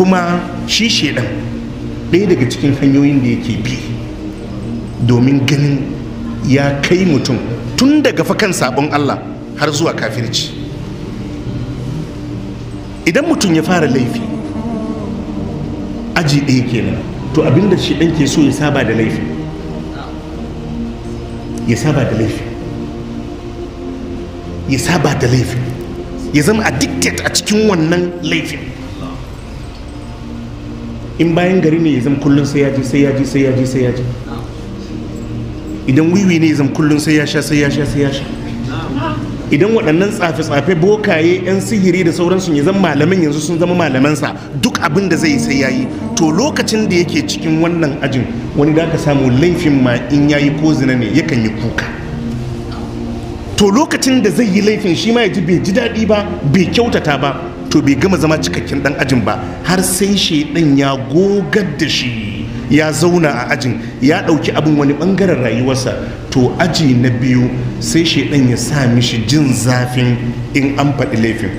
kuma shi shedan ɗaya daga cikin hanyoyin da yake bi domin ganin ya kai mutum tun daga fakan sabon Allah har zuwa kafirci idan mutum ya fara laifi aji ɗaya kenan to abinda shi ɗan ke so ya saba da laifi ya saba da laifi ya saba da laifi ya zama addicted a cikin wannan laifin in bayan gari ne ya zama kullum sai ya ji sai ya ji sai ya ji sai ya ji idan wiwi ne ya zama kullum sai ya sha sai ya sha sai ya sha idan waɗannan tsafe-tsafe bokaye 'yan sihiri da sauransu ya zama malamin yanzu sun zama malamansa duk abin da zai sai ya yi, to lokacin da yake cikin wannan ajin wani da aka samu laifin ma in ya yi ko zina ne yakan yi kuka to lokacin da zai yi laifin shi ma ya ji bai ji daɗi ba bai kyautata ba to bai gama zama cikakken dan ajin ba har sai shedan ya gogar da shi ya zauna a ajin ya ɗauki abin wani bangaren rayuwarsa to aji na biyu sai shedan ya sa mishi jin zafin in an faɗi laifin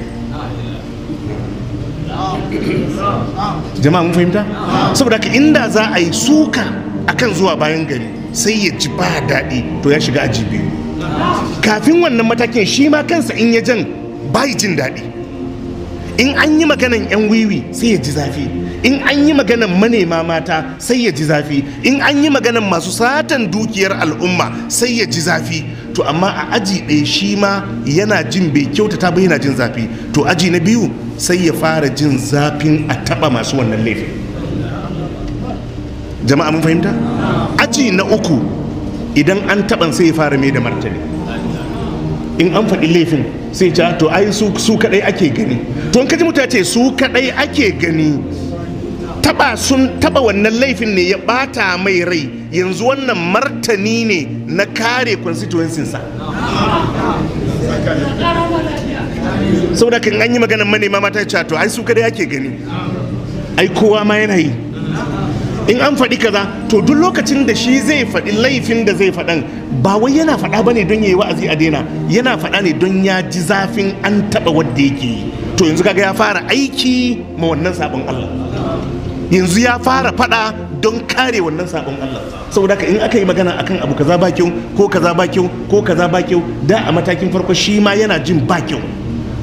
jama'a mun fahimta saboda haka inda za a yi suka akan zuwa bayan gari sai ya ji ba daɗi to ya shiga aji biyu kafin wannan matakin shi ma kansa in ya jan bai jin daɗi in an yi maganan 'yan wiwi sai ya ji zafi in an yi maganan manema mata sai ya ji zafi in an yi maganan masu satan dukiyar al'umma sai ya ji zafi to amma a aji ɗaya shi ma yana jin bai ta ba yana jin zafi to aji na biyu sai ya fara jin zafin a taɓa masu wannan laifin jama'a mun fahimta aji na uku idan an taɓan sai ya fara mai da martani in an faɗi laifin sai ce ah, to ai su kadai ake gani to in kaji mutane ce su kadai ake gani taba sun taba wannan laifin ne ya bata mai rai yanzu wannan martani ne na kare constituency sa saboda kan an yi maganar manema mata ce ah, to ai su kadai ake gani ai kowa ma yana yi in an faɗi kaza to duk lokacin da shi zai faɗi laifin da zai faɗan ba wai yana faɗa ba ne don ya yi wa'azi a daina yana faɗa ne don ya ji zafin an taɓa wadda yake yi to yanzu kaga ya fara aiki ma wannan sabon Allah yanzu ya fara faɗa don kare wannan sabon Allah saboda ka in aka yi magana akan abu kaza ba kyau ko kaza ba kyau ko kaza ba kyau da a matakin farko shi ma yana jin ba kyau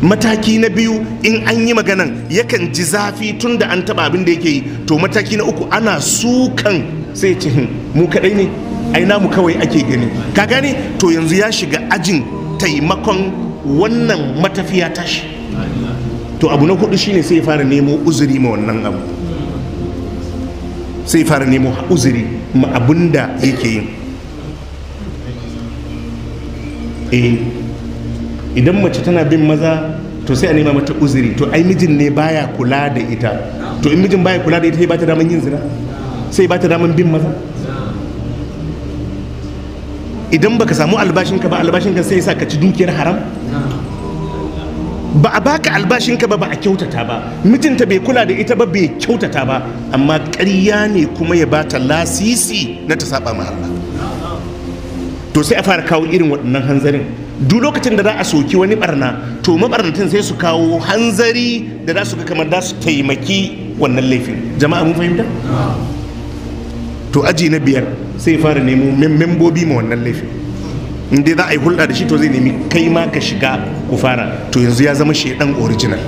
mataki na biyu in an yi maganan yakan ji zafi tun da an taba abin da yake yi to mataki na uku ana sukan sai ce hmm, mu kadai ne ai mu kawai ake gani ka gani to yanzu ya shiga ajin taimakon wannan matafiya tashi to abu na hudu shine sai fara nemo uzuri ma wannan abu sai fara nemo uzuri ma abin da yake yi. Eh. idan mace tana bin maza to sai a nema mata uzuri to ai mijin ne baya kula da ita to in mijin baya kula da ita sai ba ta daman yin zina sai ba ta daman bin maza idan baka samu albashinka ba albashinka sai sa ka ci dukiyar haram ba a baka albashinka ba ba a kyautata ba mijinta bai kula da ita ba bai kyautata ba amma ƙarya ne kuma ya bata lasisi na ta saba ma Allah to sai a fara kawo irin waɗannan hanzarin duk lokacin da za a soki wani barna to mabarnatan sai su kawo hanzari da za su ga kamar za su taimaki wannan laifin jama'a mun fahimta to aji na biyar sai fara nemo membobi ma wannan laifin in dai za a yi hulɗa da shi to zai nemi kai ma ka shiga ku fara to yanzu ya zama ɗan original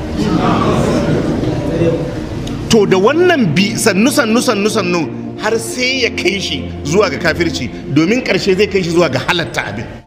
to da wannan bi sannu sannu sannu sannu har sai ya kai shi zuwa ga kafirci domin karshe zai kai shi zuwa ga halatta abin